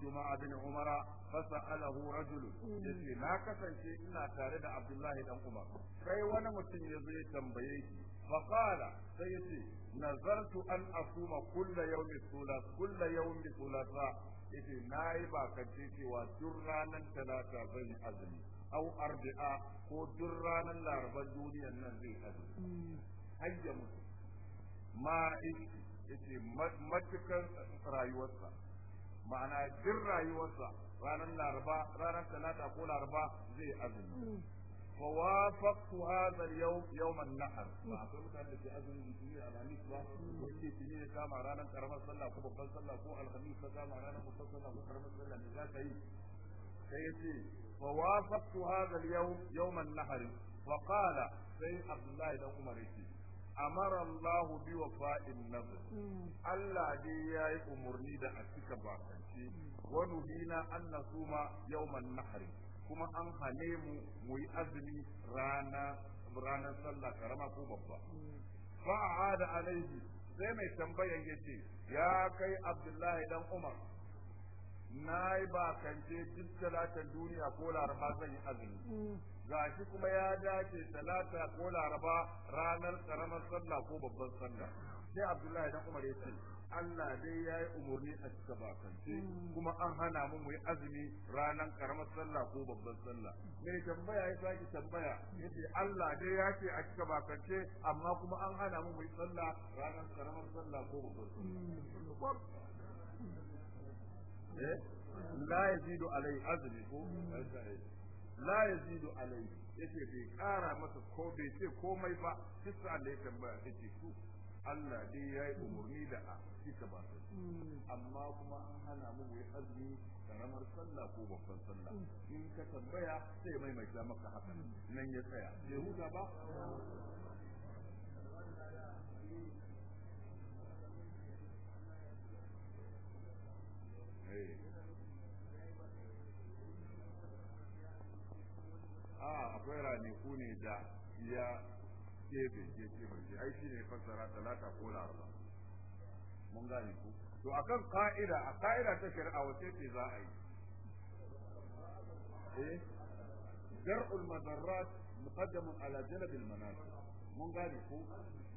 juma'a ma umara fasa sa'alahu rajul yace na kasance ina tare da abdullahi dan umar kai wani mutum ya zo ya tambaye shi fa sai yace nazartu an asuma kulla yawmi sulat kulla yawmi sulasa yace nayi ba kace cewa duk ranar talata zan azumi au arba'a ko duk ranar larabar duniyar nan zai azumi hayya mutu ma yace matukar rayuwarsa ma'ana duk rayuwarsa ranar laraba ranar talata ko laraba zai azumi mm. fa wafaqtu hadha al-yawm yawm an-nahr fa mm. akwai da ke azumi da kuma alhamdi ba ko mm. ke da kama ranar karamar sallah ko babban sallah ko alhamis ka kama ranar babban sallah ko karamar sallah ka yi sai ya ce fa wafaqtu hadha al-yawm yawm an-nahr fa qala sai abdullahi dan umar yake amara Allah bi wafa'in nazr hmm. Allah dai yi umarni da a cika bakance wa nuhina an suma yawman nahr kuma an hane mu muyi azumi rana ranar sallah karama ko babba hmm. fa aada alaihi sai mai tambayan yace ya kai Abdullahi dan Umar na yi bakance duk talatan duniya ko laraba zan yi azumi hmm. gashi kuma ya dace talata ko laraba ranar karamar sallah ko babban sallah sai abdullahi dan umar yace Allah dai ya yi umarni a cika bakance kuma an hana mu mu yi azumi ranar karamar sallah ko babban sallah mai tambaya ya saki tambaya yace Allah dai ya ce a cika bakance amma kuma an hana mu mu yi sallah ranar karamar sallah ko babban sallah eh la yazidu alai azmi ko mm. la yazidu alayhi yace bai kara masa ko bai ce komai ba kisa Allah ya tambaya yace su Allah dai ya yi umarni da a cika ba amma kuma an hana mu yi azumi karamar sallah ko babban sallah in ka tambaya sai maimaita maka haka nan ya tsaya bai huta ba Hey. Eh. a akwai ku ne da ya kebe ya ai shi ne fassara talata ko laraba mun gane ku to akan ka'ida a ka'ida ta shari'a wace ce za a yi eh dar'ul madarrat muqaddamun ala al manasib mun gane ku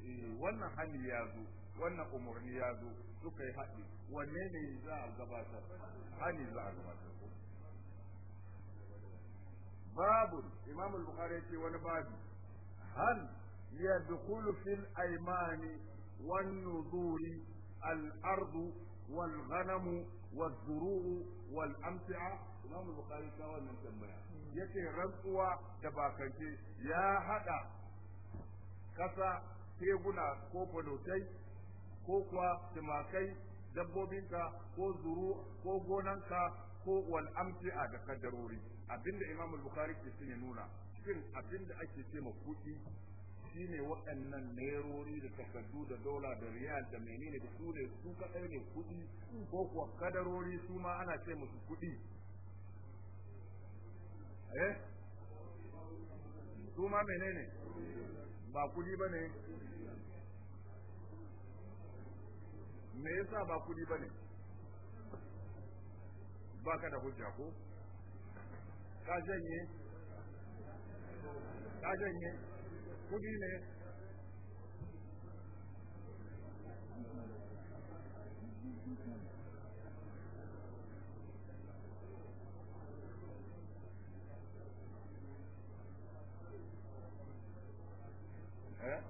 eh, wannan hali ya zo wannan umarni ya zo suka yi haɗi wanne ne za a gabatar hali za a gabatar babu imam al-bukhari yace wani babu hal ya fil aymani wan nuzuri al-ardu wal ghanamu wal zuru wal imam al-bukhari ta wannan tambaya yace rantsuwa da bakanke ya haɗa ƙasa, teguna ko fadotai ko kuwa tumakai dabbobinka ko zuru ko gonanka ko wal amti'a da kaddarori abinda Imam Bukhari ke son ya nuna cikin abinda ake ce ma kuɗi shine waɗannan nerori da takardu da dola da riyal da menene da su ne su kaɗai ne kuɗi ko kuwa kadarori su ma ana ce musu kuɗi eh su ma menene ba kuɗi ba ne me yasa ba kuɗi ba ne ba ka da hujja ko ka janye ka janye kudi ne eh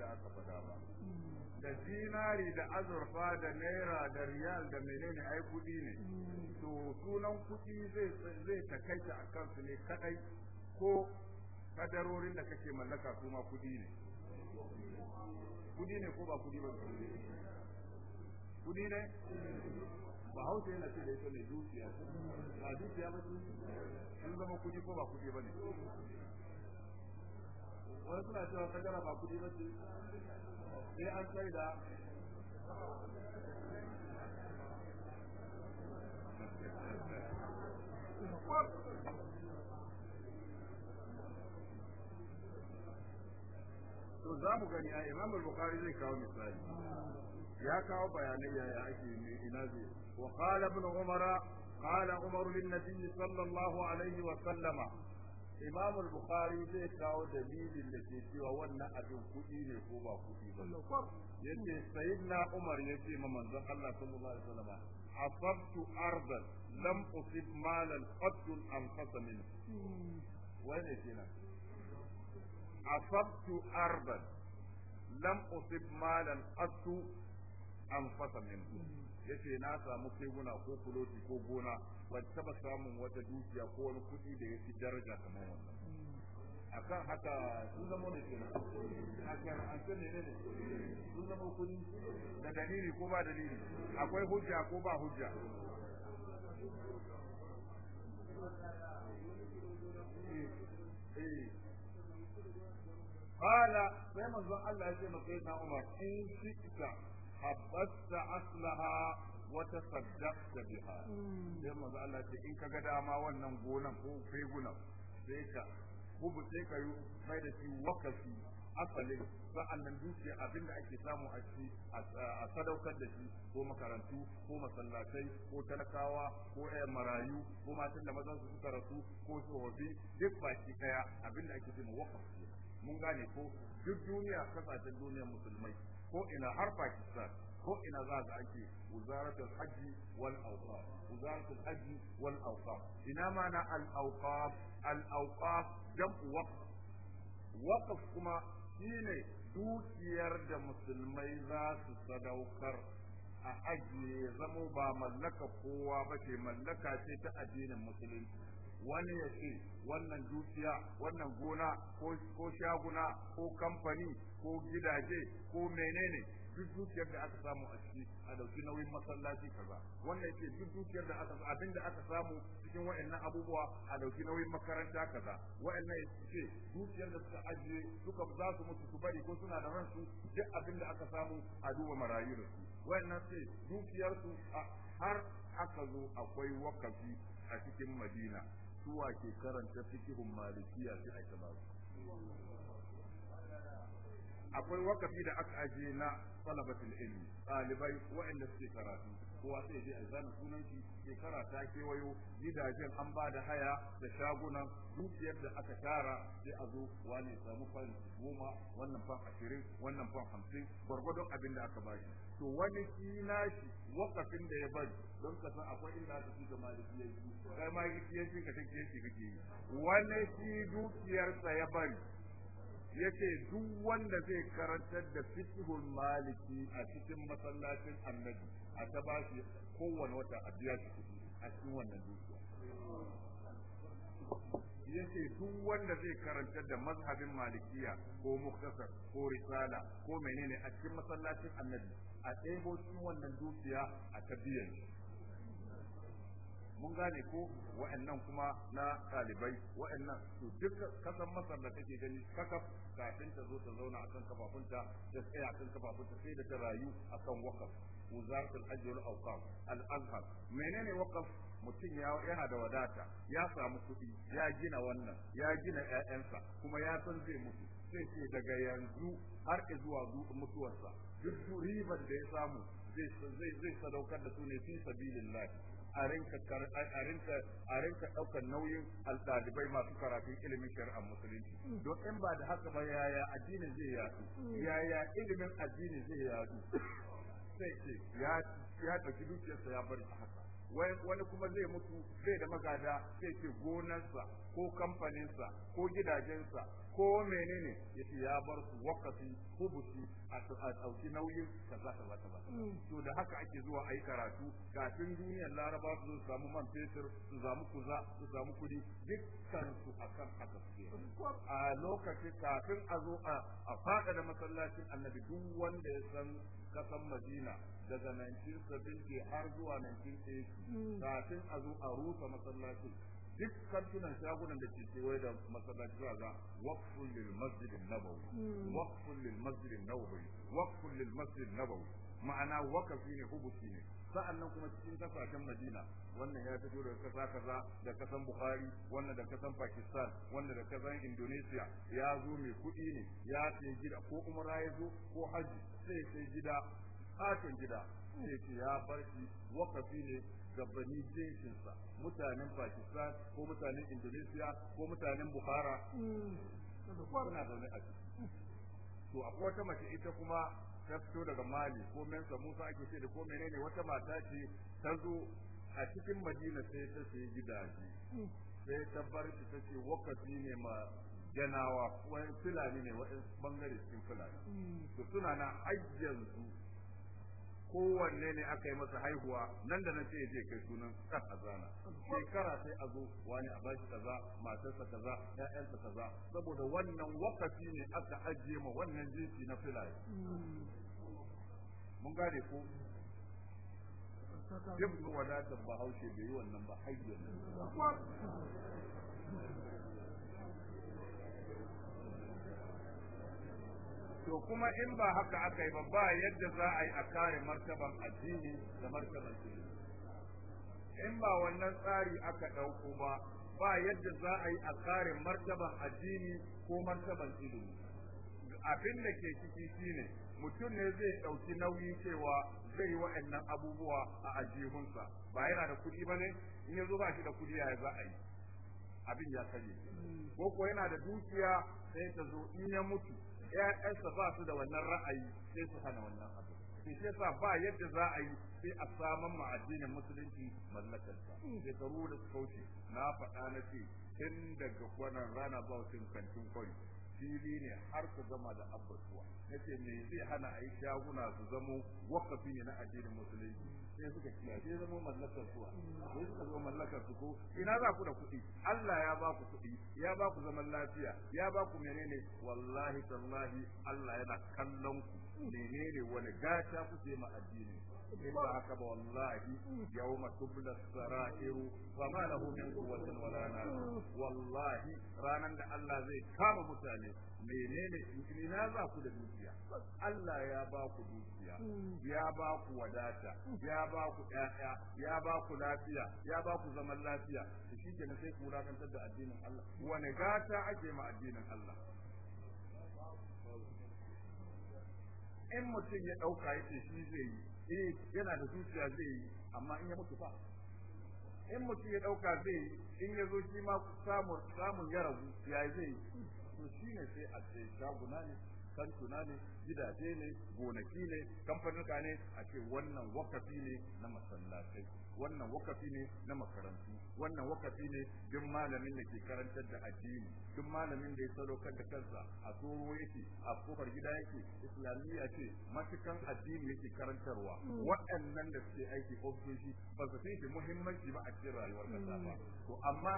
da aka faɗa ba da dinari da azurfa da naira da riyal da menene ai kuɗi ne to sunan kuɗi zai zai takaita a kansu ne kadai ko kadarorin da kake mallaka su ma kuɗi ne kuɗi ne ko ba kuɗi ba kuɗi ne ba hausa yana ce da ita ne dukiya ba dukiya ba sun zama kuɗi ko ba kuɗi ba ne wani suna cewa kadara ba kudi bace sai an sai da to za mu gani a imam al-bukhari zai kawo misali ya kawo bayanai yaya ake ina zai wa qala ibn umara qala umar lin nabiy sallallahu alaihi wa sallama imam al-bukhari zai kawo dalilin da ke cewa wannan abin kuɗi ne ko ba kuɗi ba yace sayyidina umar yace ma manzon Allah sallallahu alaihi wasallam asabtu ardan lam usib malan qatl an qasamin hmm. wani kenan asabtu ardan lam usib malan qatl an qasamin hmm. yace na samu keguna ko kuloti ko gona ban taba samun wata dukiya ko wani kuɗi da ya fi daraja kamar wannan akan haka sun zama ne ke nan a shara'ance ne ne sun zama kuɗi da dalili ko ba dalili akwai hujja ko ba hujja قال eh. sai manzon Allah ya ce maka na Umar in shi ita habbasta aslaha wata da biha hmm. sai manzo Allah ce in kaga dama wannan gonan ko fegunan sai ka kubu sai ka yi mai da shi wakafi asalin sa'annan dukiya abinda ake samu a ci a sadaukar da shi ko makarantu ko masallatai ko talakawa ko marayu ko matan da mazan su suka rasu ko tsofaffi duk baki daya abinda ake cewa mun gane ko duk duniya kasashen duniyar musulmai ko ina har Pakistan ko ina za ga ake wuzaratul hajji wal awqaf wuzaratul hajji wal awqaf ina mana al awqaf al awqaf jam'u waqf waqf kuma shine dukiyar da musulmai za su sadaukar a ajiye zamo ba mallaka kowa ba ce mallaka ce ta addinin musulunci wani ya ce wannan dukiya wannan gona ko shaguna ko kamfani ko gidaje ko menene duk dukiyar da aka samu a ciki a dauki nauyin masallaci kaza wannan ce duk dukiyar da aka abin da aka samu cikin wa'annan abubuwa a dauki nauyin makaranta kaza ya ce dukiyar da suka ajiye suka za su mutu su bari ko suna da ransu duk abin da aka samu a duba marayu da su wayannan sai dukiyar su har aka zo akwai wakafi a cikin Madina suwa ke karanta fikihun malikiya fi a kama akwai wakafi da aka ajiye na talabatul ilmi ɗalibai wa'anda suke karatu kowa sai je a zana sunan shi shekara ta kewayo gidajen an ba da haya da shagunan dukiyar da aka tara sai a zo wani samu fan goma wannan fan ashirin wannan fan hamsin gwargwadon abin da aka bashi to wani shi nashi wakafin da ya bari don ka san akwai inda aka fi ga malikiyanci kai malikiyanci ka take shi kake yi wani shi dukiyarsa ya bari yace duk wanda zai karantar da fitihul maliki a cikin masallacin annabi a ta ba shi kowane wata a biya shi kudi a cikin wannan dukiya yace duk wanda zai karantar da mazhabin malikiya ko muktasar ko risala ko menene a cikin masallacin annabi a ɗebo cikin wannan dukiya a ta biyan shi mun gane ko wa'annan kuma na ɗalibai wa'annan to duk kasan masar da take gani kakaf kafin ta zo ta zauna akan kafafunta ta tsaya akan kafafunta sai da ta rayu akan wakaf wuzaratul ajiyar al-awqaf al-azhar menene wakaf mutum yana da wadata ya samu kuɗi ya gina wannan ya gina ƴaƴansa kuma ya san zai mutu sai ce daga yanzu har zuwa mutuwarsa duk ribar da ya samu zai sadaukar da su ne fi sabilillah a rinka a nauyin alɗalibai masu karatun ilimin shari'ar musulunci don in ba da haka ba yaya addini zai yatsu yaya ilimin addini zai yaɗu. sai ce ya ɗauki dukiyarsa ya bari haka wani kuma zai mutu zai da magada sai ce gonarsa ko kamfaninsa ko gidajensa ko menene ne ya bar su wakati hubusi a ɗauki nauyin kaza kaza kaza mm. to da haka ake zuwa a yi karatu kafin duniyar laraba su samu man fetur su samu kuza su samu kudi dukkan su akan haka a lokaci kafin a zo a faɗa da masallacin annabi duk wanda ya san kasan madina daga 1970 har zuwa 1980 mm. kafin a zo a rusa masallacin duk kantunan shagunan da ke kewaye da masallaci za ga waqfun lil masjid nabawi hmm. waqfun lil masjid nabawi waqfun lil masjid nabawi ma'ana waqfi ne hubuti ne sa'annan kuma cikin kasashen Madina wannan ya fito daga kasa kaza da kasan Bukhari wannan da kasan Pakistan wannan da kasan Indonesia ya zo mai kuɗi ne ya sai gida ko umra ya zo ko haji sai sai gida katon gida sai ya bar waqfi ne gabanizeshin sa mutanen pakistan ko mutanen indonesia ko mutanen buhara suna zaune a ciki to wata mace ita kuma ta fito daga mali ko mensa musa ake ce da ko menene wata mata ce ta zo a cikin madina sai ta sayi gidaje sai ta bar shi ta ce wakati ne ma janawa wani fulani ne wa'in bangare cikin fulani to suna na har kowanne ne aka yi masa haihuwa nan da nan sai je kai sunan kan azana shekara sai a zo wani a bashi kaza matarsa kaza ƴaƴansa kaza saboda wannan wakati ne aka ajiye ma wannan jinsi na filaye mun gane ko duk wadatar bahaushe bai yi wannan ba hayyar to kuma in ba haka aka yi ba ba yadda za a yi a kare martaban addini da martaban dini in ba wannan tsari aka ɗauko ba ba yadda za a yi a kare martaban addini ko martaban ilimi abin da ke ciki shine mutum ne zai ɗauki nauyi cewa zai yi wa'annan abubuwa a ajihunsa ba yana da kuɗi ba ne in ya ba shi da kuɗi ya za a yi abin ya sani hmm. ko ko yana da dukiya sai ta zo in ya mutu ƴaƴansa ba su da wannan ra'ayi sai su hana wannan abu Sai sai sa ba yadda za a yi sai a saman ma addinin musulunci mallakarsa shekaru da su kauce na faɗa na ce tun daga kwanan rana ba zuwa kantin kwari fili ne har su zama da na ce me zai hana a yi shaguna su zamo wakafi ne na addinin musulunci sai suka ci sai zama mallakar su sai suka zama mallakar su ko ina za ku da kuɗi Allah ya ba ku kuɗi ya ba ku zaman lafiya ya ba ku menene wallahi tallahi Allah yana kallon ku menene wani gata kuke ma addinin in ba haka ba wallahi yawma tubla sarairu fa ma lahu min quwwatin wala wallahi ranan da Allah zai kama mutane menene ina za ku da dukiya Allah ya ba ku dukiya ya ba ku wadata ya ba ku ƴaƴa ya ba ku lafiya ya ba ku zaman lafiya shi kenan da addinin Allah wani gata ake ma addinin Allah in mutum ya ɗauka yake shi zai yi eh yana da zuciya zai yi amma in ya mutu fa in mutum ya dauka zai yi in ya zo shi ma samun samu ya rabu ya zai to shine sai a ce shaguna ne kantuna ne gidaje ne gonaki ne ka ne a ce wannan wakafi ne na masallatai wannan wakafi ne na makarantu wannan wakafi ne duk malamin da ke karantar da addini duk malamin da ya sadaukar da kansa a tsoro yake a kofar gida yake islamiyya ce matukan addini yake karantarwa mm. waɗannan da suke aiki ofisoshi ba su fi muhimmanci ba a cikin rayuwar kasa ba mm. to amma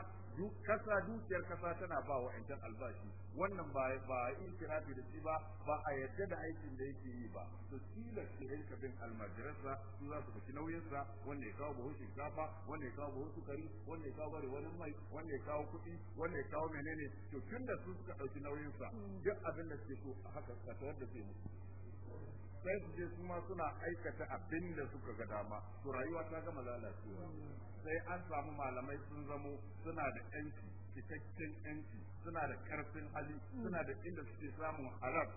kasa dukiyar kasa tana ba wa ƴancan albashi wannan ba ba intirafi da shi ba ba a yadda da aikin da yake yi ba to kila ki rinka bin almajiransa su za su nauyin nauyinsa wanda ya kawo buhun shinkafa wanda ya kawo buhun sukari wanda ya kawo bare wani mai wanda ya kawo kuɗi wanda ya kawo menene to tun da su suka ɗauki sa duk abin da suke so a haka ka tawar da su sai su je su ma suna aikata abin da suka ga dama to rayuwa ta gama lalacewa sai an samu malamai sun zamo suna da yanci cikakken yanci suna da ƙarfin hali suna da inda suke samun halar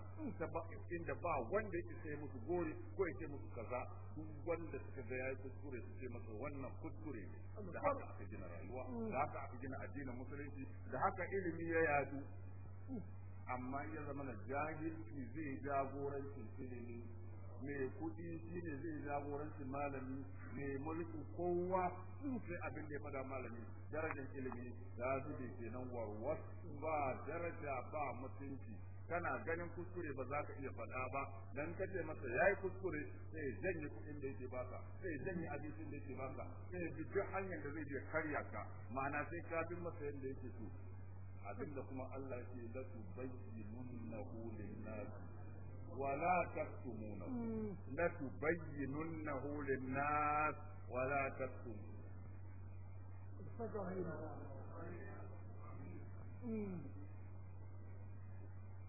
inda ba wanda yake sai musu gori ko yake musu kaza duk wanda suka ga yayi kuskure su masa wannan kuskure ne da haka aka gina rayuwa da haka aka gina addinin musulunci da haka ilimi ya yadu amma ya zama na jahilci zai jagorancin ilimi mai kuɗi shine zai jagoranci malami mai mulkin kowa su sai abin da ya fada malami darajar ilimi da su ke kenan warwas ba daraja ba mutunci kana ganin kuskure ba za ka iya faɗa ba dan ce masa yayi kuskure sai janye kuɗin da yake baka sai janye abincin da yake baka sai bi duk hanyar da zai je karya ka ma'ana sai ka bi masa yadda yake so abinda kuma Allah ya yake la lahu lin-nas ولا تكتمونه لتبيننه للناس ولا تكتمونه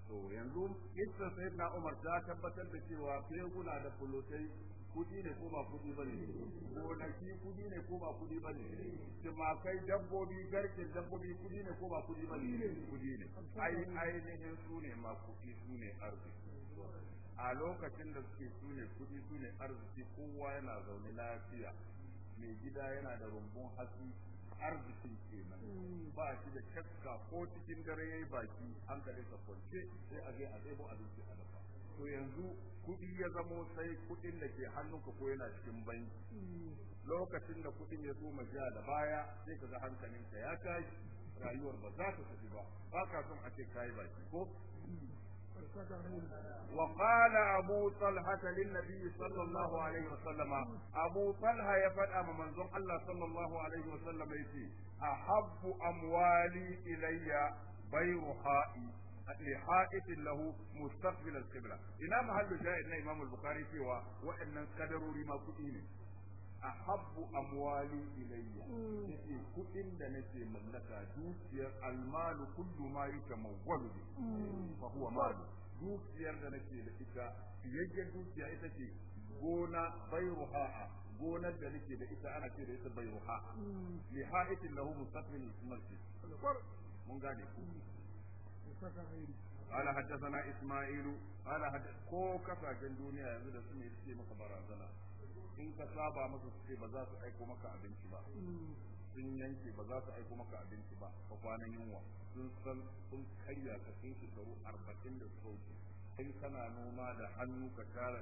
to yanzu iskar sai na umar ta tabbatar da cewa feguna da fulotai kudi ne ko ba kudi bane ko shi kudi ne ko ba kudi bane ma kai dabbobi garken dabbobi kudi ne ko ba kudi bane kudi ne ai ainihin su ne ma kudi su ne arziki a lokacin da suke sune kudi sune arziki kowa yana zaune lafiya mai gida yana da rumbun hatsi arzikin kenan mm. ba shi da shakka ko cikin dare ya yi baki an ka kwance sai a je a tsebo abinci a dafa to yanzu kudi ya zamo sai kudin da ke hannunka ko yana cikin banki mm. lokacin da kudin ya zo jiya da baya sai ka ga hankalinka ya tashi rayuwar ba za ta tafi ba ba ka son a ce kayi baki ko mm. وقال أبو طلحة للنبي صلى الله عليه وسلم أبو طلحة يفدأ من الله صلى الله عليه وسلم يسي أحب أموالي إلي بيرهائي لحائط له مستقبل القبلة إمام هل جاء إمام البخاري سوى وإن كدروا لما كئين a habbu amwali ilayya hmm. yace kudin da nake mallaka dukiyar almalu kullu ma yatamawwalu hmm. fa huwa malu dukiyar da nake da ita fiyayyen dukiya ita ce gona bayruha gonar da nake da ita ana ce da ita bayruha hmm. li ha'itin lahu mustaqbil mulki mun gane ku قال حدثنا اسماعيل قال حدث كو كفاجن دنيا يزيد سمي يسمى barazana. in ka saba masa su ce ba za su aiko maka abinci ba sun yanke ba za su aiko maka abinci ba ka kwanan yunwa sun san sun karya ka sun shekaru arba'in da suka wuce kai kana noma da hannu ka tara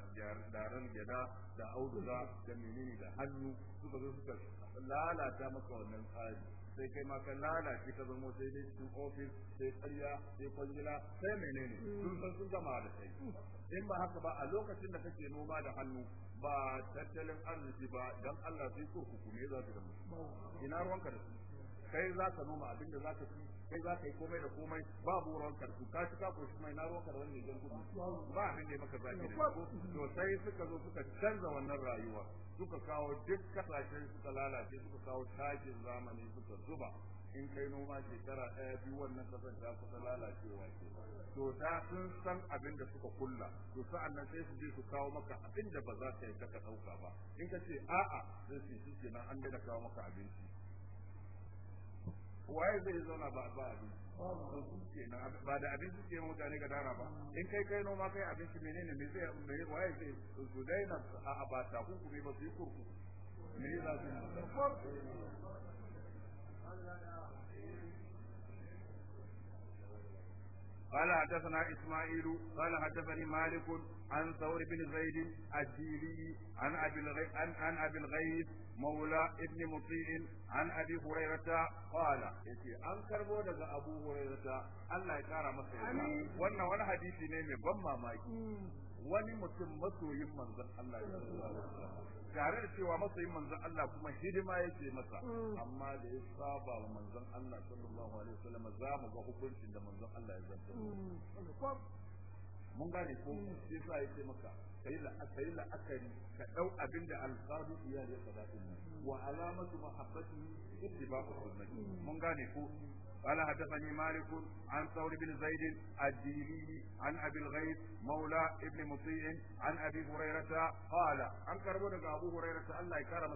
daren gyada da auduga da menene da hannu suka zo suka lalata maka wannan tsari sai kai ma ka lalace ka zama sai dai cikin ofis sai karya sai kwangila sai menene sun san sun gama da kai in ba haka ba a lokacin da kake noma da hannu ba tattalin arziki ba dan Allah sai kurkuku ne za su da ina ruwanka da kai za ka noma abin da za ka ci kai za ka yi komai da komai babu ruwan karfi ka ci ka koshi mai na ruwan karfi ne jan gudu ba abin da ya maka zaki da to sai suka zo suka canza wannan rayuwa suka kawo duk kasashen suka lalace suka kawo takin zamani suka zuba in kai noma shekara ɗaya biyu wannan kasar ta kusa lalacewa ce to ta sun san abin da suka kulla to sa'an nan sai su je su kawo maka abin da ba za ka yi ka ɗauka ba in ka ce a'a zai ce shi na an daina kawo maka abinci waye zai zauna ba ba abinci ba da abinci ke mutane ga dara ba in kai kai noma kai abinci menene me zai waye zai su daina a'a ba ta hukumi ba su yi kurku me za su قال حدثنا اسماعيل قال حدثني مالك عن ثور بن زيد الجيلي عن ابي الغيث عن, عن ابي الغيث مولى ابن مطيع عن ابي هريره قال يتي ان كربو daga ابو هريره الله يكرمه وانا wani hadisi ne mai ban mamaki wani mutum masoyin manzon Allah ya tare da cewa masoyin manzon Allah kuma hidima yake masa mm. amma da ya saba wa manzon Allah sallallahu alaihi wasallam za mu ga hukuncin da manzon Allah ya zanta mm. mun gane ko mm. sai sa yake maka kai la kai la akari ka dau abinda alqabi iyali da fada din wa alamatu mahabbati ittiba'u sunnati mun gane ko قال حدثني مالك عن ثور بن زيد الديني عن ابي الغيث مولى ابن مطيع عن ابي هريره قال عن كربون ابو هريره الله يكرم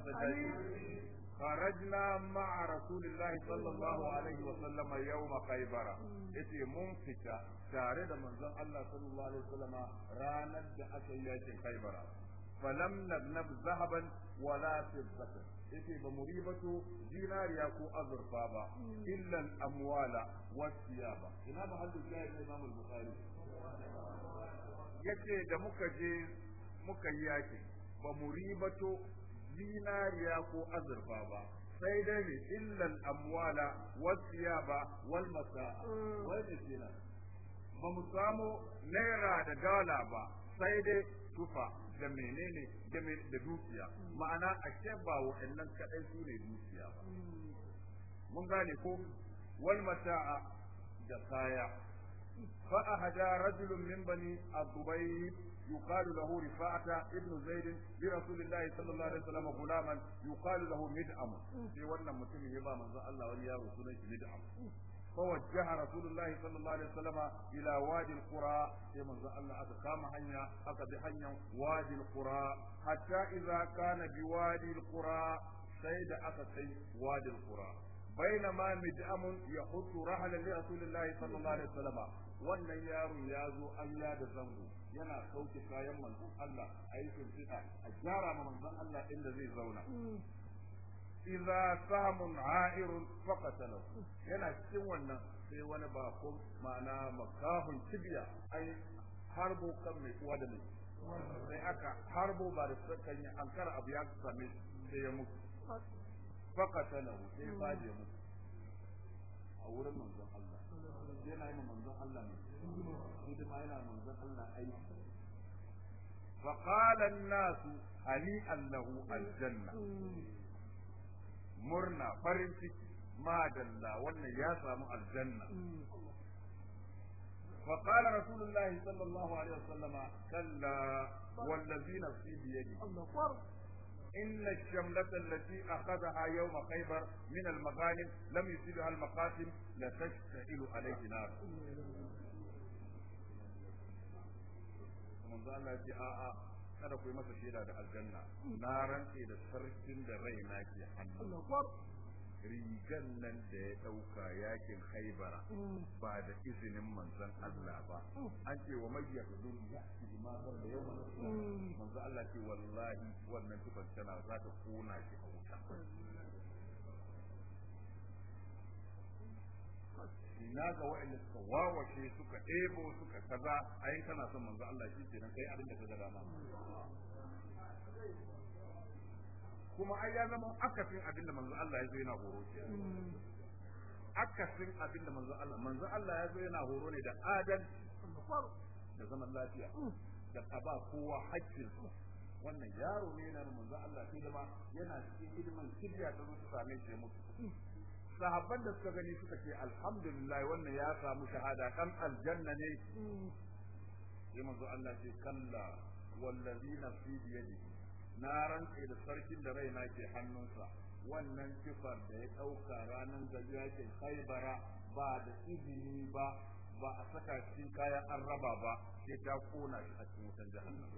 خرجنا مع رسول الله صلى الله عليه وسلم يوم خيبر yace mun fita tare da manzon Allah sallallahu alaihi wasallam ranar da aka yi yakin Khaibar falam nabnab zahaban wala fiddatan yake ba to dinariya ko azurfa ba illan amwala wasiyaba ina ba haddu jayyid Imam al-Bukhari yake da muka je muka yi yake ba to dinariya ko azurfa ba sai dai ne illan amwala wasiyaba wal masa'a mm. wai kenan ba mu samu naira da dala ba sai dai tufa da menene da dukiya ma'ana ashe ba waɗannan kaɗai su ne dukiya ba mun gane ko wal mata'a da kaya fa ahada rajulun min bani abubayb يقال له رفاعة ابن زيد برسول الله صلى الله عليه وسلم غلاما يقال له مدعم wannan mutumin ya ba manzo Allah wani yaro sunan shi mud'am فوجه رسول الله صلى الله عليه وسلم إلى وادي القرى كما أن أتقام حنيا أتبع حنيا وادي القرى حتى إذا كان بوادي القرى سيد أتقي وادي القرى بينما مدأم يحط رحلا لرسول الله صلى الله عليه وسلم wannan yaron ya zo an ya da zango yana sauke kayan manzon Allah a yi shimfiɗa a gyara ma manzon Allah inda zai zauna idza sahmun ha'irun faqatalahu yana cikin wannan sai wani bakon ma'ana makahun tibiya ai harbo kan mai kuwa da mai sai aka harbo ba da sakan ya ankara abu ya same shi sai ya mutu faqatalahu sai ba ya mutu a wurin manzon Allah yana yin manzon Allah ne hidima yana manzon Allah aiki فقال الناس هنيئا له الجنه murna farin ciki madalla wannan ya samu aljanna فقال رسول الله صلى الله عليه وسلم كلا والذي نفسي بيده إن الشملة التي أخذها يوم خيبر من المغانم لم يصيبها المقاسم لتشتعل عليه نار من ظل آه kada ku yi masa shaida da aljanna na rantse da sarkin da rai na ke hannu rigan nan da ya dauka yakin haibara mm. ba da izinin manzon Allah ba mm. an ce wa mai ya zuwa ya ci ma da yau manzon Allah ce wallahi wannan tukan tana za ta kona shi a wuta ina ga wa'anda suka wawashe suka ebo suka kaza ai kana son manzo Allah shi ce nan kai abin da ka ga dama kuma ai ya zama akasin abin da manzo Allah ya zo yana horo ke akasin abin da manzo Allah manzo Allah ya zo yana horo ne da adal, da zaman lafiya da ba kowa haƙƙinsa wannan yaro ne yana manzo Allah sai da ma yana cikin hidiman kibiya ta zo ta same shi mutu sahabban da suka gani suka ce alhamdulillah wannan ya samu shahada kan aljanna ne sai manzo Allah ce kalla wallazi nafsi biyadihi na rantse da sarkin da raina ke hannunsa wannan kifar da ya dauka ranan da ke haibara ba da izini ba ba a saka cikin kayan an raba ba sai ta kona shi a cikin wutan jahannama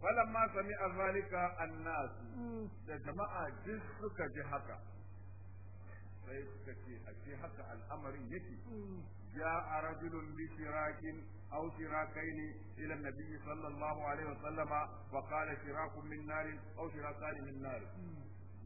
falamma sami'a zalika annas hmm. da jama'a duk suka ji haka sai suka al'amarin yake جاء رجل بشراك أو شراكين إلى النبي صلى الله عليه وسلم وقال شراك من نار أو شراكان من نار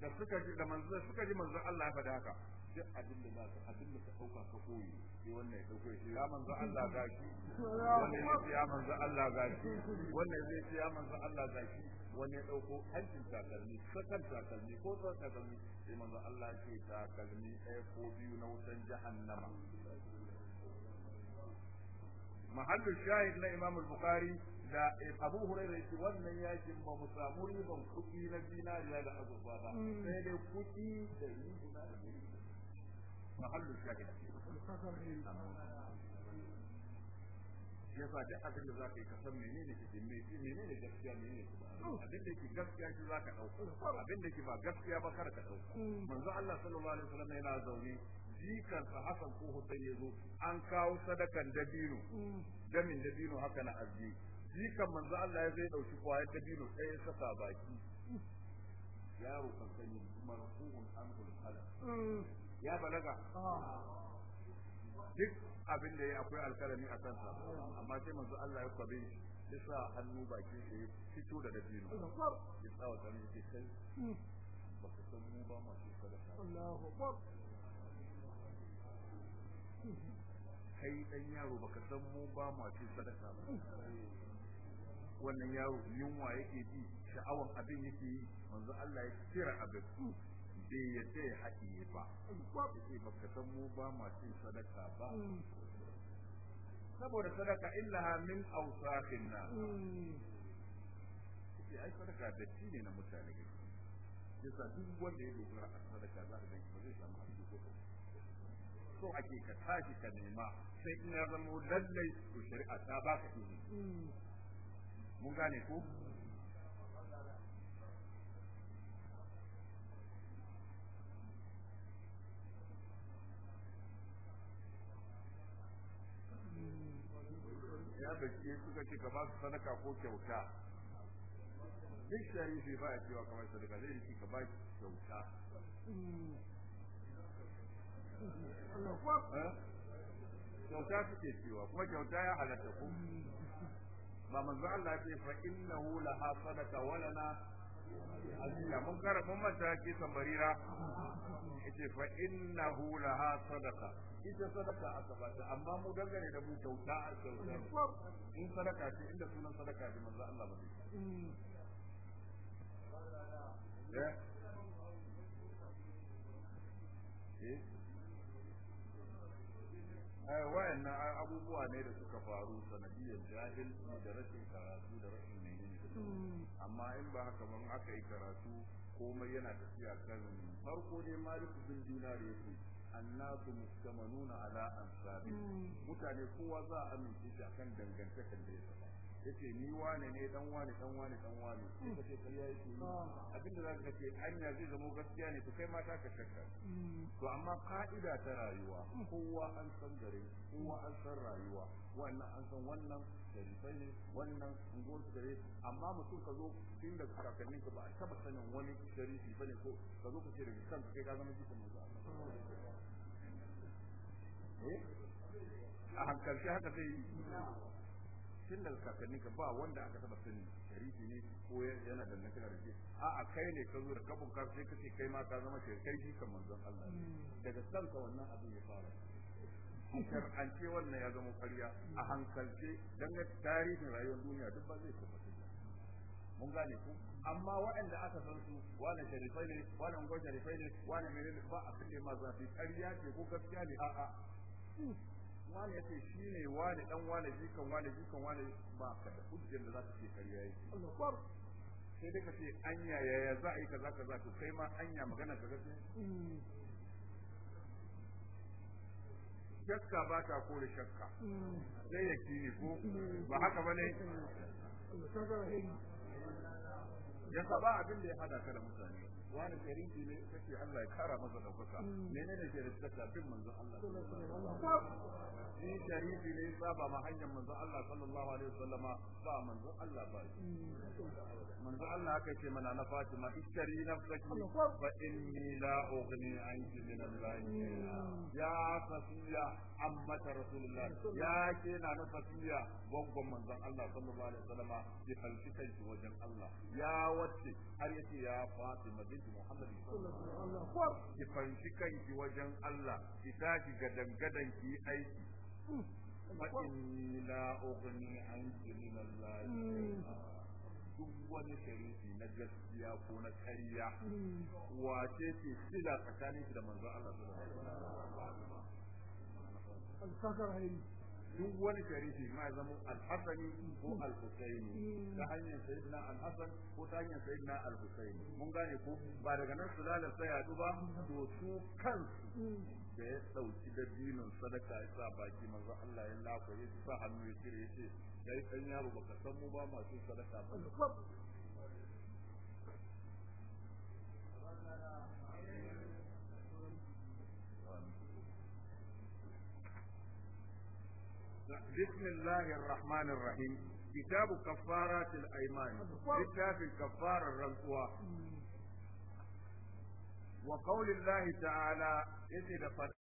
da suka ji da manzo suka ji manzo Allah ya faɗa haka duk abin da za abin da ka dauka ka koyi shi wannan ya dauko shi ya manzo Allah gashi wannan ya ce ya manzo Allah gashi wannan ya ce ya manzo Allah gashi wannan ya dauko hancin takalmi sakan takalmi ko tsawon takalmi sai manzo Allah ya ce takalmi ɗaya ko biyu na wutan jahannama mahallu shahid na Imam al-Bukhari da Abu Hurairah yace wannan yakin ba mu samu riban kuɗi na dinariya da azurfa ba sai dai kuɗi da dinariya mahallu shahid ya sa duk abin da za ka yi ka san menene ke jimme shi menene gaskiya menene ne. ba oh. abin da yake gaskiya shi za ka ɗauka oh, oh. abin da yake ba gaskiya ba kar ka ɗauka hmm. manzo Allah sallallahu alaihi wasallam yana zaune jikan sa Hassan ko Hussein ya an kawo sadakan dabino hmm. damin dabino haka na azzi jikan manzo Allah ya zai dauki kwayar dabino sai ya saka baki yaro kan sani marhuun amul khalq hmm. ya balaga ah. duk abin da ya akwai alkalami a kansa amma sai manzo Allah ya kwabe shi ya sa hannu baki shi ya fito da dabino ya sa wa tsanin ke kai ba ka san mu ba masu sadaka Allahu akbar kai dan yaro baka san mu ba masu sadaka ba wannan yaro yunwa yake ji sha'awan abin yake yi manzo Allah ya tsira abin bai yadda ya haɗiye ba ba ku ce makatan mu ba ma cin sadaka ba hmm. saboda sadaka illa min awsafin na sai hmm. ai sadaka da ne na mutane ya yasa duk wanda ya dogara a sadaka za ka ganki ba zai samu arziki ko so ake ka tashi ka nema sai in ya zama lallai to shari'a ta ba ka izini hmm. mun gane ko suka ce ka ba su sadaka ko kyauta duk shari'a shi ba a cewa ka ba su sadaka zai ce ka ba shi kyauta eh? kyauta suke cewa kuma kyauta ya halatta ku ba manzo Allah ce fa innahu laha sadaka walana da mun kara mun manta ke sambarira yace fa innahu laha sadaqa ita sadaka asabata, amma mu dangane da mu kyauta a kyautar in sadaka ce inda sunan sadaka ce manzo Allah ba zai eh? eh ai wayannan abubuwa ne da suka faru sanadiyar jahil da rashin karatu da rashin amma in ba haka ban aka yi karatu komai yana tafiya kan farko dai maliku bin dinar yake annasu mustamanuna ala ansabi hmm. mutane kowa za a amince shi akan dangantakar da ya yace ni wane ne dan wane dan wane dan wane sai ya ce kai hmm. abinda za ka ce anya zai zama gaskiya ne to kai ma ta ka shakka hmm. to amma ka'ida ta rayuwa hmm. kowa an san gare kowa an san rayuwa wannan an san wannan sharifai ne wannan ungon gare amma mutum ka zo tun da kakannin ka ba a taba sanin wani sharifi bane ko ka zo ka ce daga kanka kai ka zama jikin manzo eh? a hankalci haka zai yi tunda da kakanni ka ba wanda aka taba sani sharifi ne ko yana da nakira da a a kai ne ka zo da kabun ka sai ka ce kai ma ka zama kai shi kan manzon Allah hmm. daga san ka wannan abin ya fara ce wannan ya zama ƙarya a hankalce dan ga tarihin rayuwar duniya duk ba zai ba mun gane ku amma waɗanda aka san su wani sharifai ne wani ungo sharifai ne wani menene ba a kalle ma zafi ƙarya ce ko gaskiya ne a'a wani yake shi ne wani dan wani jikan wani jikan wani ba ka da hujjar da za ka ce kariya yake sai dai ka ce anya yaya za a yi kaza kaza ka kai ma anya magana ka gaske mm. shakka ba ta kore shakka mm. sai ya kini ko mm. ba haka ba ne ya saba abin da ya hada ka da mutane wani sharifi ne kace Allah ya kara masa daukaka mm. menene ke rizka bin manzon Allah shi sharifi ne saba ma hanyar manzon Allah sallallahu alaihi wasallama ba manzon Allah ba mm. manzon Allah haka ce mana na Fatima ishari nafsaki fa inni la ughni anki min Allah mm. ya fasiya amma rasulullah ya ke na na fasiya gwaggon manzon Allah sallallahu alaihi wasallama ki halki wajen Allah ya wacce har yace ya Fatima bin Muhammad ki kanki wajen Allah ki ga dangadan ki aiki fa inna ughni anki duk wani sharifi na gaskiya ko na karya wace ce da manzon duk wani sharifi ma zama al-hasani ko mm. al-husaini mm. ta hanyar sayyidina al-hasan ko ta hanyar sayyidina al-husaini mun gane ko ba daga nan sulalar sai ya duba to su kansu mm. da ya da dinin sadaka ya sa baki manzo Allah ya lafa ya sa hannu ya cire ya ce dai kan yaro baka san mu ba masu sadaka ba بسم الله الرحمن الرحيم كتاب كفارات الأيمان كتاب الكفار الرنسوة وقول الله تعالى إذ